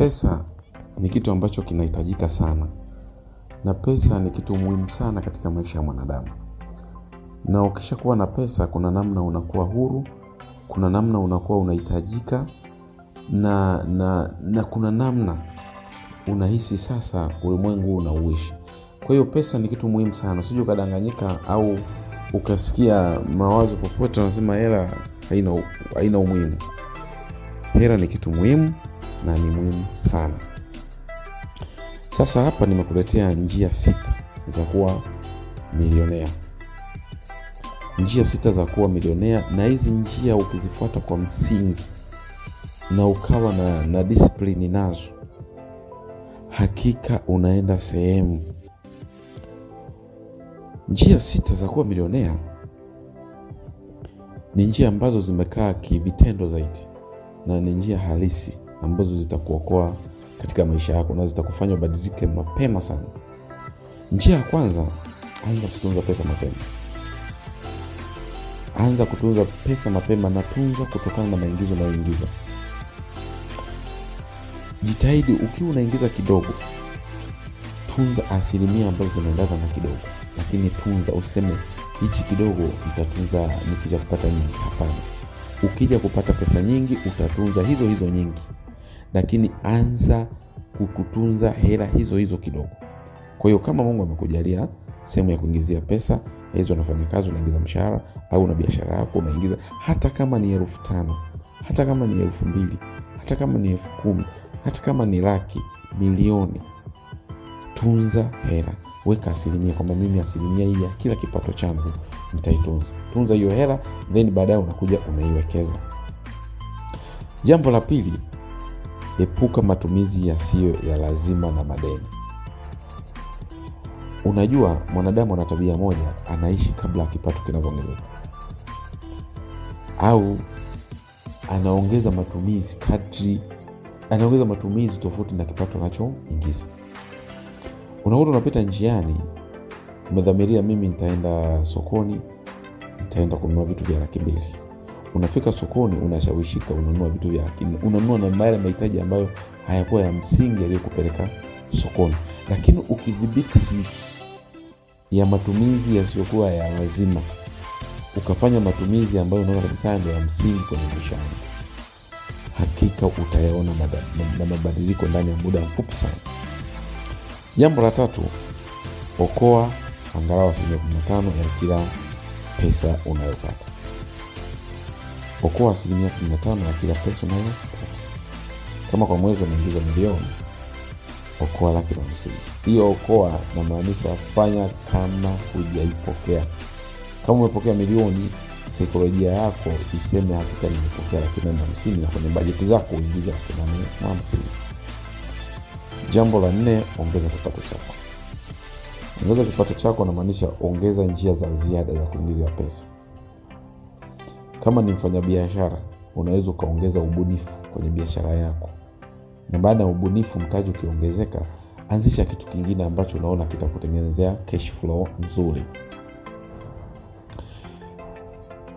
Pesa ni kitu ambacho kinahitajika sana, na pesa ni kitu muhimu sana katika maisha ya mwanadamu. Na ukishakuwa na pesa, kuna namna unakuwa huru, kuna namna unakuwa unahitajika, na, na, na kuna namna unahisi sasa ulimwengu unauishi. Kwa hiyo pesa ni kitu muhimu sana, sijui ukadanganyika au ukasikia mawazo popote wanasema hela haina, haina umuhimu. Hela ni kitu muhimu na ni muhimu sana. Sasa hapa nimekuletea njia sita za kuwa milionea, njia sita za kuwa milionea, na hizi njia ukizifuata kwa msingi na ukawa na, na disiplini nazo, hakika unaenda sehemu. Njia sita za kuwa milionea ni njia ambazo zimekaa kivitendo zaidi na ni njia halisi ambazo zitakuokoa katika maisha yako na zitakufanya ubadilike mapema sana. Njia ya kwanza, anza kutunza pesa mapema. Anza kutunza pesa mapema na tunza kutokana na maingizo unayoingiza. Jitahidi ukiwa unaingiza kidogo, tunza asilimia ambazo zinaendana na kidogo, lakini tunza, useme hichi kidogo nitatunza nikija kupata nyingi. Hapana, ukija kupata pesa nyingi utatunza hizo hizo nyingi lakini anza kukutunza hela hizo hizo kidogo. Kwa hiyo kama Mungu amekujalia sehemu ya kuingizia pesa hizo, unafanya kazi, unaingiza mshahara au na biashara yako unaingiza, hata kama ni elfu tano hata kama ni elfu mbili hata kama ni elfu kumi hata kama ni laki milioni, tunza hela, weka asilimia kwamba mimi asilimia hii ya kila kipato changu nitaitunza. Tunza hiyo hela, then baadaye unakuja unaiwekeza. Jambo la pili Epuka matumizi yasiyo ya lazima na madeni. Unajua, mwanadamu ana tabia moja, anaishi kabla ya kipato kinavyoongezeka, au anaongeza matumizi kadri, anaongeza matumizi tofauti na kipato anachoingiza. Unakuta unapita njiani, umedhamiria, mimi nitaenda sokoni, nitaenda kununua vitu vya laki mbili Unafika sokoni, unashawishika, unanunua vitu vya unanunua na yale mahitaji ambayo hayakuwa ya msingi yaliyokupeleka sokoni. Lakini ukidhibiti hii ya matumizi yasiyokuwa ya lazima, ukafanya matumizi ambayo unaona kabisa ndio ya msingi kwenye maisha yako, hakika utayaona na mabadiliko ndani ya muda mfupi sana. Jambo la tatu, okoa angalau asilimia 15 ya kila pesa unayopata kwa kuwa asilimia 15 ya kila pesa unayopata. Kama kwa mwezi unaingiza milioni, okoa laki na hamsini. Hiyo okoa namaanisha fanya kama hujaipokea. Kama umepokea milioni, saikolojia yako iseme hakika nimepokea laki nane na hamsini, na kwenye bajeti zako uingize laki nane na hamsini. Jambo la nne, ongeza kipato chako. Ongeza kipato chako namaanisha ongeza njia za ziada za kuingiza pesa. Kama ni mfanyabiashara, unaweza ukaongeza ubunifu kwenye biashara yako, na baada ya ubunifu, mtaji ukiongezeka, anzisha kitu kingine ambacho unaona kitakutengenezea cash flow nzuri.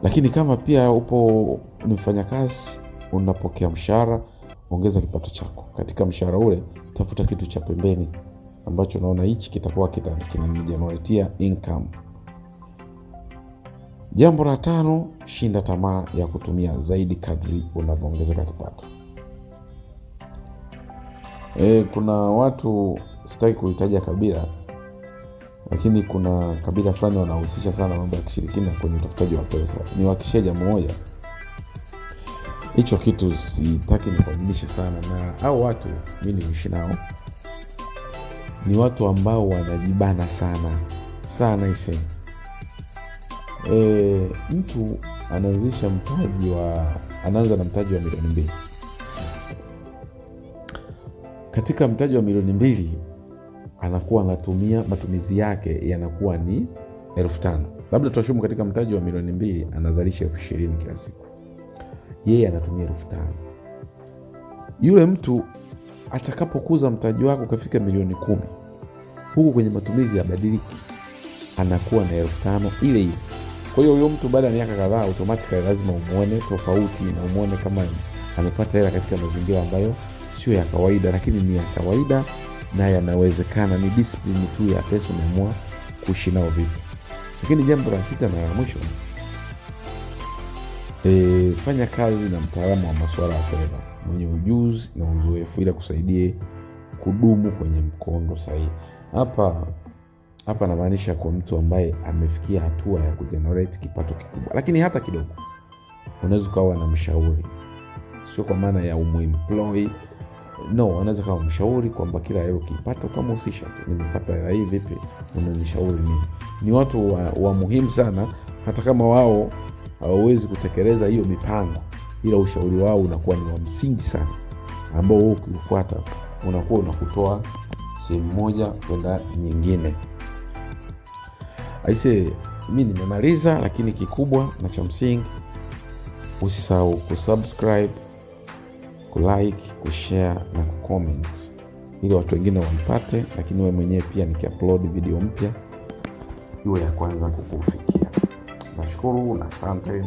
Lakini kama pia upo ni mfanyakazi, unapokea mshahara, ongeza kipato chako katika mshahara ule, tafuta kitu cha pembeni ambacho unaona hichi kitakuwa kinanijeneratia income. Jambo la tano, shinda tamaa ya kutumia zaidi kadri unavyoongezeka kipato. E, kuna watu sitaki kuhitaja kabila, lakini kuna kabila fulani wanahusisha sana mambo ya kishirikina kwenye utafutaji wa pesa. ni wakishia jambo moja, hicho kitu sitaki nikuaminishe sana, na au watu mi niishi nao ni watu ambao wanajibana sana sana isemu e, mtu anaanzisha mtaji wa anaanza na mtaji wa milioni mbili. Katika mtaji wa milioni mbili anakuwa anatumia matumizi yake yanakuwa ni elfu tano labda tuashumu katika mtaji wa milioni mbili anazalisha elfu ishirini kila siku, yeye anatumia elfu tano Yule mtu atakapokuza mtaji wake ukafika milioni kumi, huku kwenye matumizi ya badiliki, anakuwa na elfu tano ile ile. Kwa hiyo huyo mtu baada ya miaka kadhaa automatically lazima umwone tofauti na umwone kama amepata hela katika mazingira ambayo sio ya kawaida, lakini ni ya kawaida na yanawezekana. Ni discipline tu ya pesa, umeamua kuishi nao vipi. Lakini jambo la sita na la mwisho, e, fanya kazi na mtaalamu wa masuala ya fedha mwenye ujuzi na uzoefu ili akusaidie kudumu kwenye mkondo sahihi hapa hapa namaanisha kwa mtu ambaye amefikia hatua ya kujenerate kipato kikubwa, lakini hata kidogo unaweza ukawa na mshauri, sio kwa maana ya umemploy no, anaweza kawa mshauri kwamba kila hela kipato kama nimepata hela hii, vipi, unanishauri nini? Ni watu wa, wa muhimu sana, hata kama wao hawawezi kutekeleza hiyo mipango, ila ushauri wao unakuwa ni wa msingi sana, ambao wewe ukiufuata unakuwa unakutoa sehemu moja kwenda nyingine. Aise, mi nimemaliza, lakini kikubwa na cha msingi usisahau kusubscribe, kulike, kushare na kucomment ili watu wengine waipate, lakini wewe mwenyewe pia nikiupload video mpya iwe ya kwanza kukufikia. Nashukuru na asante.